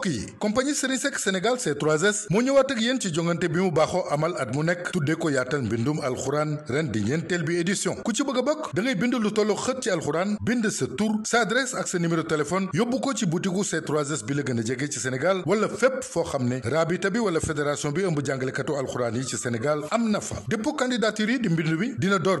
mbokk yi compagnie Sénégal c moo ñëwaat ak ci jongante bi mu baaxoo amal at mu nekk tuddee ko yaatal mbindum alxuraan ren di ñeenteel bi édition ku ci bëgg a bokk da ngay bind lu tollu xët ci alxuraan bind sa tur sa adresse ak sa numéro téléphone yóbbu ko ci butiku c bi la gën a jege ci Sénégal wala fépp foo xam ne raabita bi wala fédération bi ëmb jàngalekatu alxuraan yi ci Sénégal am na fa dépôt candidature yi di mbind bi dina door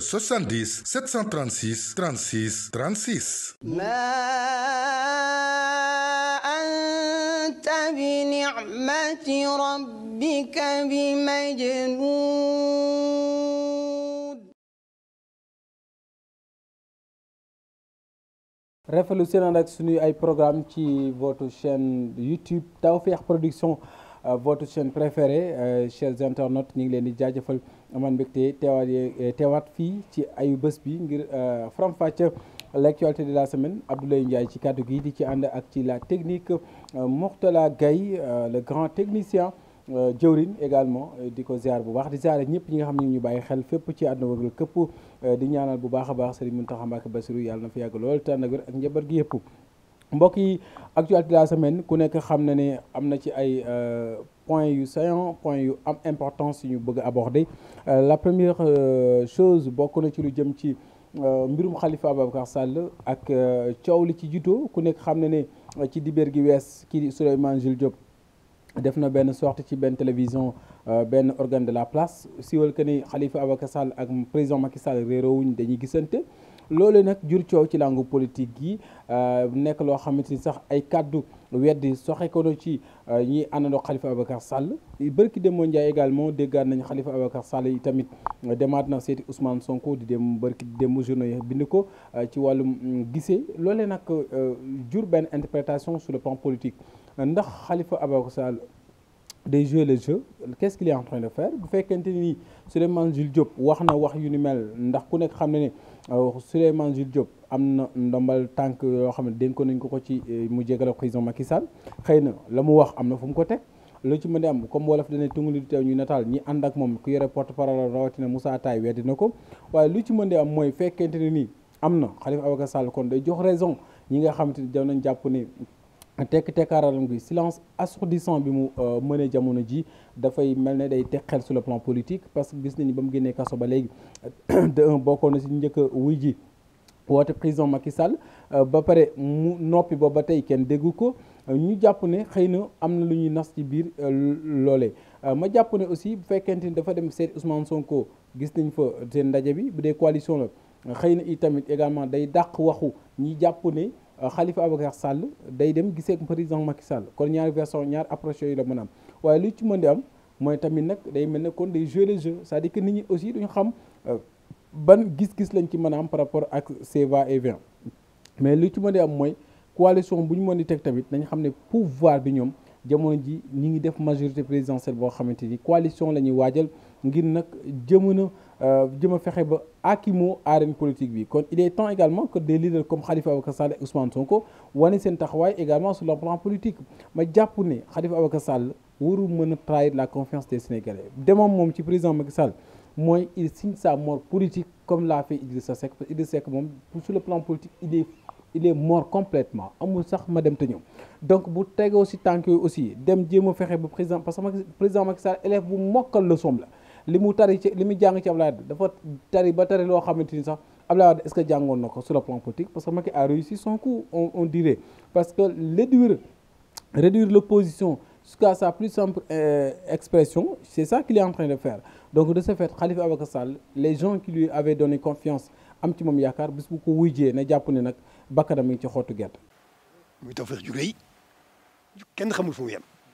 le 70 736 36 36. rafetlu seen ànd ak suñuy ay programme ci votre chaîne YouTube Tawfekh Production Euh, votre chaîne préférée euh, chers internautes ni ngi leen di jaajëfal amaan mbégte teewaat teewaat fii ci ayu bés bi ngir euh, faram-fàcce l'actualité de la semaine Abdoulaye Ndiaye ci kàddu gi di ci ànd ak ci la technique Mourtala Gaye le grand technicien jëwrin également di ko ziar bu baax di ziar ñëpp ñi nga xam ne ñu bàyyi xel fépp ci àdduna wërgal këpp di ñaanal bu baax a baax Serigne Mountakha Mbacké Bassirou yàlla na fi yàgg lool tànn ak wér ak njabar gi yëpp mbokk yi actualité de la semaine ku nekk xam na ne am na ci ay euh, point yu saillant point yu am importance yu ñu bëgg a aborder euh, la première euh, chose bokk na ci lu jëm ci mbirum Khalifa Ababacar Sall ak coow li ci jiito ku nekk xam na ne ci dibeer gi wees kii Souleymane Jules Diop def na benn sortie ci benn télévision benn organe de la place siwal que ni Khalifa Ababacar Sall ak président Macky Sall réeroowuñ dañuy gisante loole nag jur coow ci langu politique yi euh, nekk loo xamante ni sax ay kàddu weddi soxe ko na ci euh, ñi àndandoo Khalifa Abacar Sall bërki demoo Ndiaye également déggaat nañu xalifa Abacar Sall yi tamit demaat na seeti Ousmane Sonko di dem bërki démb journée bind ko euh, ci wàllum gisee loole nag jur benn interprétation sur le plan politique ndax xalifa Abacar Sall day jouer le jeu qu'est-ce qu'il train de faire bu fekkente ni Souleymane Jules Diop wax na wax yu ni mel ndax ku nekk xam ne ne euh, Souleymane Jules Diop am na ndombal tànk yoo xam ne dénkoon nañ ko ko ci euh, mu jégale président Macky Sall xëy na la mu wax am na fu mu ko teg lu ci mën a am comme wolof dane tunguli du teew nataal ñi ànd ak moom ku yore porte parole rawatina Moussa Taye na ko waaye lu ci mën a am mooy fekkente ne nii am na Khalifa Ababacar Sall kon day jox raison ñi nga xamante ne daw nañ jàpp ne tekk tekkaaralam gi silence assourdissant bi mu euh, mënee jamono ji dafay mel ne day xel sur le plan politique parce que gis nañu ba mu génnee kaso ba léegi de bokkoon na si njëkk wuy ji woote président Macky Sall euh, ba pare mu noppi ba ba tey kenn déggu ko euh, ñu jàpp ne xëy na am na lu ñuy nas ci biir loole ma jàpp ne aussi bu fekkente ni dafa dem seet Ousmane Sonko gis nañ fa seen ndaje bi bu dee coalition la xëy na it tamit également day dàq waxu ñi jàpp ne Khalifa Ababacar Sall day dem gisee ak président Macky Sall kon ñaari version ñaari approche yooyu la mën am waaye li ci mën am mooy tamit nag day mel ne kon day jouer le jeu c'est-à-dire que nit ñi aussi duñu xam euh, ban gis-gis lañ ci mën a am par rapport ak ces va et mais li ci mën di am mooy coalition bu ñu mën di teg tamit nañ xam ne pouvoir bi ñoom jamono ji ñu ngi def majorité présidentielle boo xamante ni coalition la ñuy waajal ngir nag jëmën jëm euh, a fexe ba akimoo arène politique bi kon il est temps également que des leaders comme Khalifa Ababacar Sall et Ousmane Sonko wane seen taxawaay également sur le plan politique ma jàpp ne Khalifa Ababacar Sall waru mën a trahir la confiance des Sénégalais demoon moom ci président Macky Sall mooy il signe sa mort politique comme l'a fait sa Seck parce que Idrissa Seck moom sur le plan politique il est il est mort complètement amul sax ma dem te ñëw donc bu tegoo si tank aussi dem jéem a fexe ba président parce que président Macky Sall élève bu mokkal leçon la. li mu tari ci li mu jàng ci Abdoulaye Wade dafa tari ba tari loo xamante ni sax Abdoulaye Wade est-ce que jàngoon na ko sur le plan politique parce que Macky a réussi son coup on, on parce que réduire réduire l'opposition jusqu'à sa plus simple euh, expression c'est ça qu'il est en train de faire donc de ce fait Khalifa Ababacar Sall les gens qui lui avaient donné confiance am ci moom yaakaar bis bu ko wujjee na jàpp ne nag bakkanam mi ngi ci xottu gerte. muy tawfeex ju rëy kenn xamul